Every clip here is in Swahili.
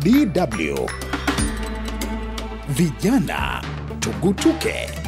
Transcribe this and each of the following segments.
DW. Vijana tugutuke.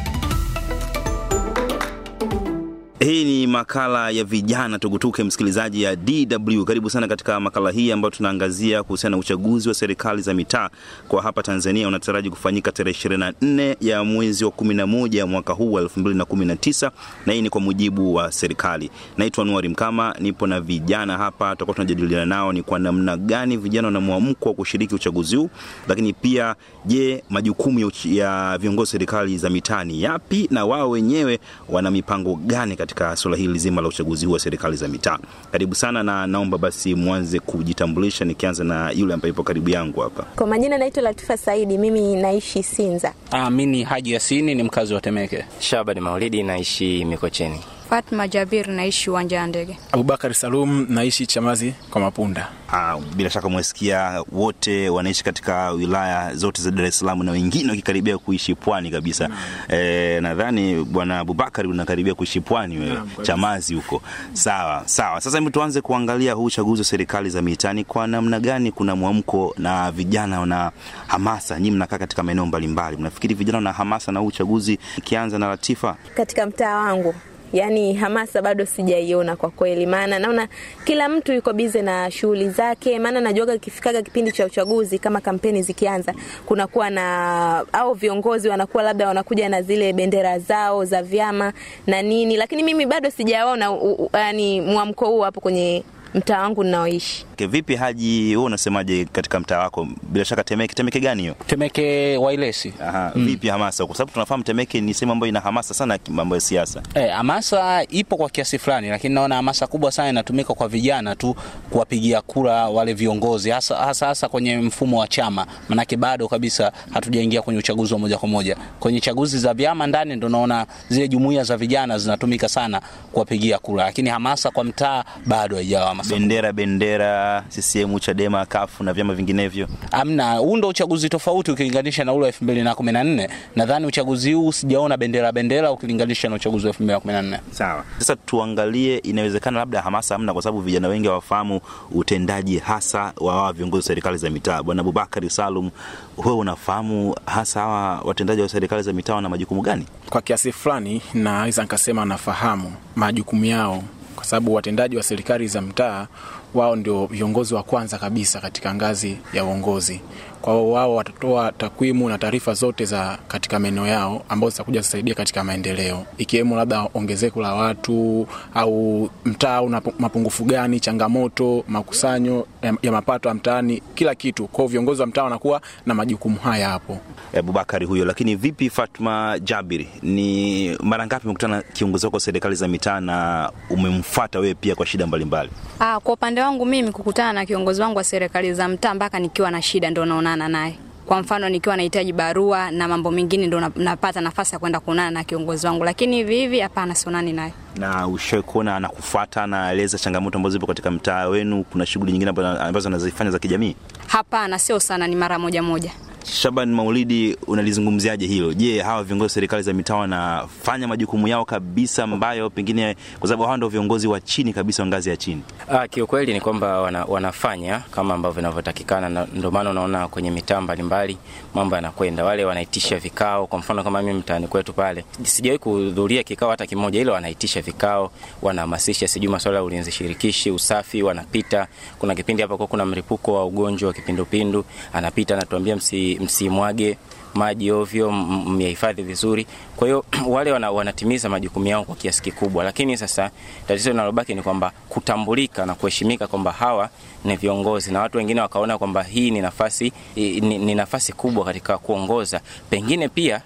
Hii ni makala ya vijana tugutuke, msikilizaji ya DW. Karibu sana katika makala hii ambayo tunaangazia kuhusiana na uchaguzi wa serikali za mitaa kwa hapa Tanzania unataraji kufanyika tarehe 24 ya mwezi wa 11 mwaka huu wa 2019, na hii ni kwa mujibu wa serikali. Naitwa Nuari Mkama, nipo na vijana hapa, tutakuwa tunajadiliana nao ni kwa namna gani vijana wana mwamko wa kushiriki uchaguzi huu, lakini pia je, majukumu ya viongozi serikali za mitaa ni yapi na wao wenyewe wana mipango gani katika katika suala hili zima la uchaguzi huu wa serikali za mitaa. Karibu sana na naomba basi mwanze kujitambulisha, nikianza na yule ambaye yupo karibu yangu hapa. Kwa majina naitwa Latifa Saidi, mimi naishi Sinza. Ah, mimi ni Haji Yasini, ni mkazi wa Temeke. Shabani Maulidi, naishi Mikocheni. Fatma Jabir, naishi uwanja wa ndege. Abubakar Salum, naishi Chamazi kwa Mapunda. Ah, bila shaka umesikia wote wanaishi katika wilaya zote za Dar es Salaam na wengine wakikaribia kuishi pwani kabisa. Mm. E, nadhani bwana Abubakar unakaribia kuishi pwani wewe, Chamazi huko. Sawa, sawa. Sasa hebu tuanze kuangalia huu uchaguzi wa serikali za mitaani kwa namna gani kuna mwamko na vijana na hamasa. Nyinyi mnakaa katika maeneo mbalimbali. Mnafikiri vijana na hamasa na huu uchaguzi ikianza na Latifa? Katika mtaa wangu yani hamasa bado sijaiona kwa kweli, maana naona kila mtu yuko bize na shughuli zake. Maana najuaga kifikaga kipindi cha uchaguzi, kama kampeni zikianza, kunakuwa na au viongozi wanakuwa labda wanakuja na zile bendera zao za vyama na nini, lakini mimi bado sijaona yani mwamko huu hapo kwenye mtaa wangu ninaoishi. Vipi Haji, wewe unasemaje katika mtaa wako? Bila shaka Temeke, Temeke gani hiyo? Temeke Wailesi. Aha, mm. Vipi hamasa kwa sababu tunafahamu Temeke ni sehemu ambayo ina hamasa sana mambo ya siasa. Eh, hamasa ipo kwa kiasi fulani, lakini naona hamasa kubwa sana inatumika kwa vijana tu kuwapigia kura wale viongozi hasa, hasa, hasa kwenye mfumo wa chama, manake bado kabisa hatujaingia kwenye uchaguzi wa moja kwa moja. Kwenye chaguzi za vyama ndani ndo naona zile jumuiya za vijana zinatumika sana kuwapigia kura, lakini hamasa kwa mtaa bado haijawa bendera bendera CCM, Chadema, kafu na vyama vinginevyo? Amna, huu ndo uchaguzi tofauti ukilinganisha na ule wa 2014. Nadhani uchaguzi huu sijaona bendera bendera ukilinganisha na uchaguzi wa 2014. Sawa. Sasa tuangalie, inawezekana labda hamasa amna, kwa sababu vijana wengi hawafahamu utendaji hasa wa hawa viongozi serikali za mitaa. Bwana Abubakari Salum, wewe unafahamu hasa hawa watendaji wa serikali za mitaa wana majukumu gani? Kwa kiasi fulani naweza nikasema nafahamu majukumu yao kwa sababu watendaji wa serikali za mtaa wao ndio viongozi wa kwanza kabisa katika ngazi ya uongozi. Kwa hiyo wao watatoa takwimu na taarifa zote za katika maeneo yao ambazo zitakuja kusaidia katika maendeleo, ikiwemo labda ongezeko la watu au mtaa una mapungufu gani, changamoto, makusanyo ya, mapato ya mtaani, kila kitu. Kwa viongozi wa mtaa wanakuwa na majukumu haya hapo. E, Abubakari huyo. Lakini vipi, Fatma Jabiri, ni mara ngapi umekutana kiongozi wako serikali za mitaa na umemfuata wewe pia kwa shida mbalimbali? Ah, kwa upande wangu mimi kukutana na kiongozi wangu wa serikali za mtaa mpaka nikiwa na shida ndo naonana naye. Kwa mfano nikiwa nahitaji barua na mambo mengine, ndo napata nafasi ya kwenda kuonana na kiongozi wangu, lakini hivi hivi hapana, sionani naye. Na ushawahi kuona anakufuata, anaeleza changamoto ambazo zipo katika mtaa wenu? Kuna shughuli nyingine ambazo anazifanya za kijamii? Hapana, sio sana, ni mara moja moja. Shaban Maulidi, unalizungumziaje hilo? Je, hawa viongozi wa serikali za mitaa wanafanya majukumu yao kabisa, ambayo pengine kwa sababu hawa ndio viongozi wa chini kabisa wa ngazi ya chini? Ah, kiukweli ni kwamba wana, wanafanya kama ambavyo inavyotakikana. Ndio maana unaona kwenye mitaa mbalimbali mambo yanakwenda, wale wanaitisha vikao. Kwa mfano kama mimi mtaani kwetu pale sijawahi kuhudhuria kikao hata kimoja, ile wanaitisha vikao, wanahamasisha sijui masuala ya ulinzi shirikishi, usafi, wanapita. Kuna kipindi hapa kuna mlipuko wa ugonjwa wa kipindupindu, anapita anatuambia msi msimwage maji ovyo, myahifadhi vizuri. Kwa hiyo wale wana, wanatimiza majukumu yao kwa kiasi kikubwa, lakini sasa tatizo linalobaki ni kwamba kutambulika na kuheshimika kwamba hawa ni viongozi, na watu wengine wakaona kwamba hii ni nafasi, ni, ni nafasi kubwa katika kuongoza, pengine pia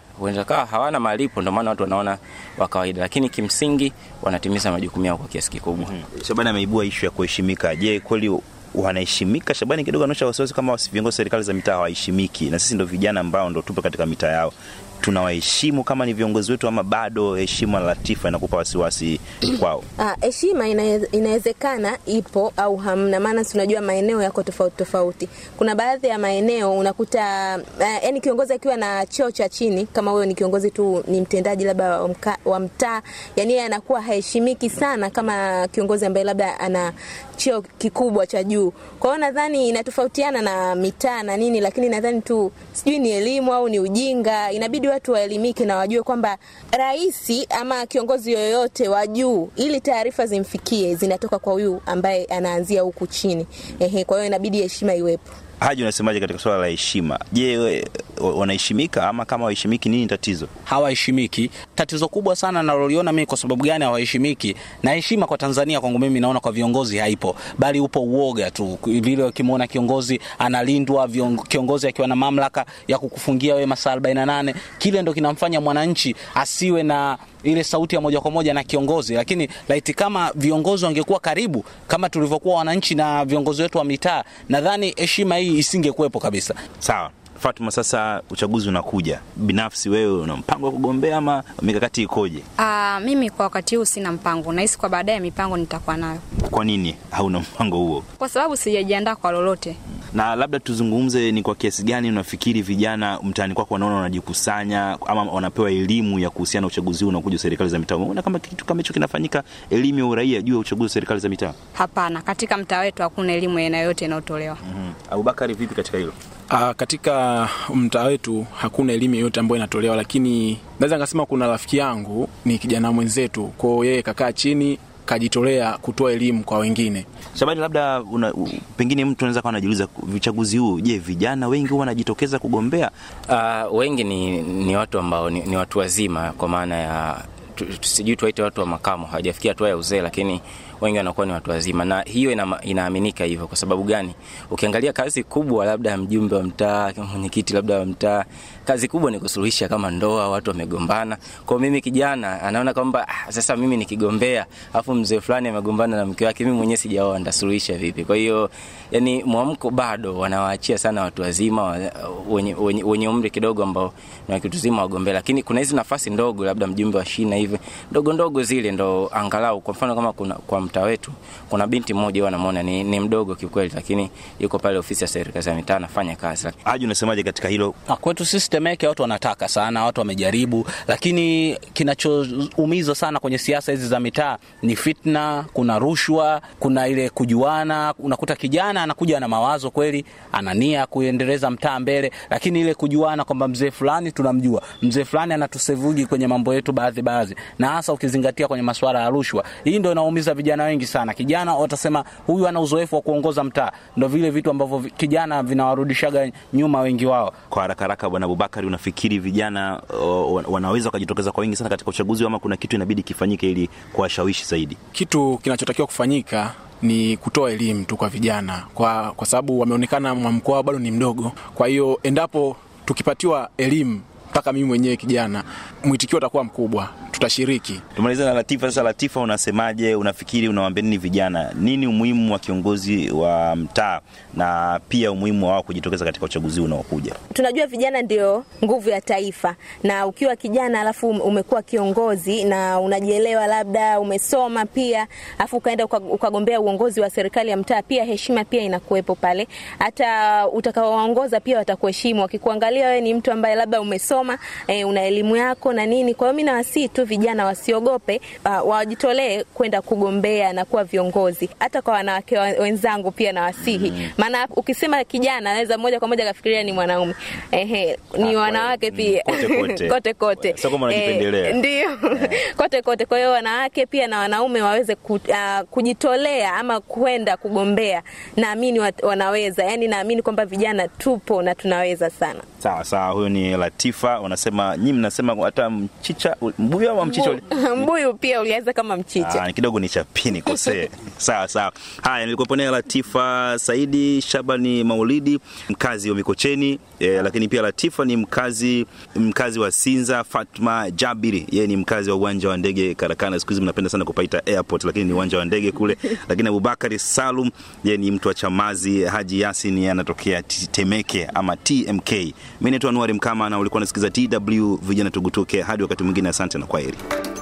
kawa hawana malipo, ndio maana watu wanaona wa kawaida, lakini kimsingi wanatimiza majukumu yao kwa kiasi kikubwa. Mm-hmm. So bana ameibua ishu ya kuheshimika. Je, kweli wanaheshimika. Shabani kidogo anaosha wasiwasi kama viongozi serikali za mitaa hawaheshimiki, na sisi ndo vijana ambao ndo tupo katika mitaa yao tunawaheshimu kama ni viongozi wetu ama bado heshima Latifa inakupa wasiwasi kwao? Ah, heshima inawezekana ipo au hamna, maana tunajua maeneo yako tofauti tofauti. Kuna baadhi ya maeneo unakuta eh, yaani, kiongozi akiwa na cheo cha chini, kama huyo ni kiongozi tu, ni mtendaji labda wa mtaa, yani yeye anakuwa haheshimiki sana kama kiongozi ambaye labda ana cheo kikubwa cha juu. Kwa hiyo nadhani inatofautiana na mitaa na nini, lakini nadhani tu sijui ni elimu au ni ujinga, inabidi watu waelimike na wajue kwamba rais ama kiongozi yoyote wa juu, ili taarifa zimfikie, zinatoka kwa huyu ambaye anaanzia huku chini. Ehe, kwa hiyo inabidi heshima iwepo. Haji, unasemaje katika swala la heshima? Je, wanaheshimika ama kama waheshimiki nini tatizo? Hawaheshimiki. Tatizo kubwa sana naloliona mimi, kwa sababu gani hawaheshimiki? Na heshima kwa Tanzania kwangu mimi naona kwa viongozi haipo, bali upo uoga tu, vile ukimwona kiongozi analindwa, kiongozi akiwa na mamlaka ya kukufungia wewe masaa 48, kile ndo kinamfanya mwananchi asiwe na ile sauti ya moja kwa moja na kiongozi, lakini laiti kama viongozi wangekuwa karibu kama tulivyokuwa wananchi na viongozi wetu wa mitaa, nadhani heshima hii isingekuwepo kabisa. Sawa. Fatuma, sasa uchaguzi unakuja, binafsi wewe una mpango wa kugombea ama mikakati ikoje? Uh, mimi kwa wakati huu sina mpango, nahisi kwa baadaye mipango nitakuwa nayo. Kwa nini hauna mpango huo? Kwa sababu sijajiandaa kwa lolote. Na labda tuzungumze, ni kwa kiasi gani unafikiri vijana mtaani kwako wanaona wanajikusanya ama wanapewa elimu ya kuhusiana na uchaguzi huu unaokuja serikali za mitaa? Unaona kama kitu kama hicho kinafanyika, elimu ya uraia juu ya uchaguzi wa serikali za mitaa? Hapana, katika mtaa wetu hakuna elimu aina yoyote inayotolewa. mm -hmm. Abubakari, vipi katika hilo? Aa, ah, katika mtaa wetu hakuna elimu yoyote ambayo inatolewa, lakini naweza nikasema kuna rafiki yangu ni kijana mwenzetu kwao, yeye kakaa chini kajitolea kutoa elimu kwa wengine. Shabani, labda una, pengine mtu anaweza kawa anajiuliza uchaguzi huu, je, vijana wengi huwa wanajitokeza kugombea? Uh, wengi ni, ni watu ambao ni, ni watu wazima kwa maana ya sijui tuwaite watu wa makamo, hawajafikia hatua ya uzee, lakini wengi wanakuwa ni watu wazima, na hiyo ina, inaaminika hivyo. Kwa sababu gani? Ukiangalia kazi kubwa labda ya mjumbe wa mtaa, mwenyekiti labda wa mtaa, kazi kubwa ni kusuluhisha kama ndoa, watu wamegombana. kwao mimi kijana anaona kwamba ah, sasa mimi nikigombea, alafu mzee fulani amegombana na mke wake, mimi mwenyewe sijaoa, ndasuluhisha vipi? Kwa hiyo yani mwamko bado wanawaachia sana watu wazima wenye, wenye, wenye umri kidogo ambao ni wakituzima wagombea, lakini kuna hizi nafasi ndogo, labda mjumbe wa shina hivi hivi ndogo ndogo zile ndo angalau kwa mfano kama kuna, kwa mtaa wetu kuna binti mmoja huwa namuona ni, ni mdogo kiukweli, lakini yuko pale ofisi ya serikali za mitaa anafanya kazi. Haji, unasemaje katika hilo? Na ah, kwetu sisi Temeke watu wanataka sana, watu wamejaribu, lakini kinachoumizwa sana kwenye siasa hizi za mitaa ni fitna, kuna rushwa, kuna ile kujuana. Unakuta kijana anakuja na mawazo kweli, anania kuendeleza mtaa mbele, lakini ile kujuana kwamba mzee fulani tunamjua, mzee fulani anatusevuji kwenye mambo yetu baadhi baadhi, na hasa ukizingatia kwenye masuala ya rushwa. Hii ndio inaumiza vijana wengi sana. Kijana watasema huyu ana uzoefu wa kuongoza mtaa, ndio vile vitu ambavyo kijana vinawarudishaga nyuma wengi wao. Kwa haraka haraka, Bwana Abubakari, unafikiri vijana wanaweza wakajitokeza kwa wingi sana katika uchaguzi ama kuna kitu inabidi kifanyike ili kuwashawishi zaidi? Kitu kinachotakiwa kufanyika ni kutoa elimu tu kwa vijana kwa, kwa sababu wameonekana mwamko wao bado ni mdogo. Kwa hiyo endapo tukipatiwa elimu mpaka mimi mwenyewe kijana, mwitikio utakuwa mkubwa tutashiriki. Tumaliza na Latifa. Sasa Latifa, unasemaje? Unafikiri, nini vijana nini umuhimu wa kiongozi wa mtaa na pia umuhimu wao kujitokeza katika uchaguzi unaokuja? Tunajua vijana ndio nguvu ya taifa, na ukiwa kijana alafu umekuwa kiongozi na unajielewa, labda umesoma pia, alafu ukaenda ukagombea uongozi wa serikali ya mtaa, pia heshima pia inakuwepo pale, hata utakaoongoza pia watakuheshimu, wakikuangalia wewe ni mtu ambaye labda umesoma, e, una elimu yako na nini. Kwa hiyo mimi nawasihi tu vijana wasiogope, uh, wajitolee kwenda kugombea na kuwa viongozi. Hata kwa wanawake wenzangu pia nawasihi, mm. maana mm. ukisema kijana anaweza moja kwa moja kafikiria ni mwanaume. Ehe, ni ah, wanawake pia kote kote, kote. Eh, ndio. Eh. Kote kote. Kwa hiyo wanawake pia na wanaume waweze ku, uh, kujitolea ama kwenda kugombea. Naamini wanaweza. yani naamini kwamba vijana tupo na tunaweza sana. Sawa sawa, huyo ni Latifa, unasema nyinyi mnasema hata mchicha mbuya au mchicha? Mbuyu pia ulianza kama mchicha. Ah, kidogo ni chapini kosee. sawa sawa. Haya, nilikuwa Latifa Saidi Shabani Maulidi, mkazi wa Mikocheni e, lakini pia Latifa ni mkazi, mkazi wa Sinza. Fatma Jabiri yeye ni mkazi wa uwanja wa ndege Karakana, siku hizi mnapenda sana kupaita airport, lakini ni uwanja wa ndege kule. Lakini Abubakari Salum yeye ni mtu wa Chamazi. Haji Yasin anatokea Temeke ama TMK. Mimi naitwa Anuari Mkama na ulikuwa unasikiza TW Vijana Tugutuke. Hadi wakati mwingine, asante na kwaheri.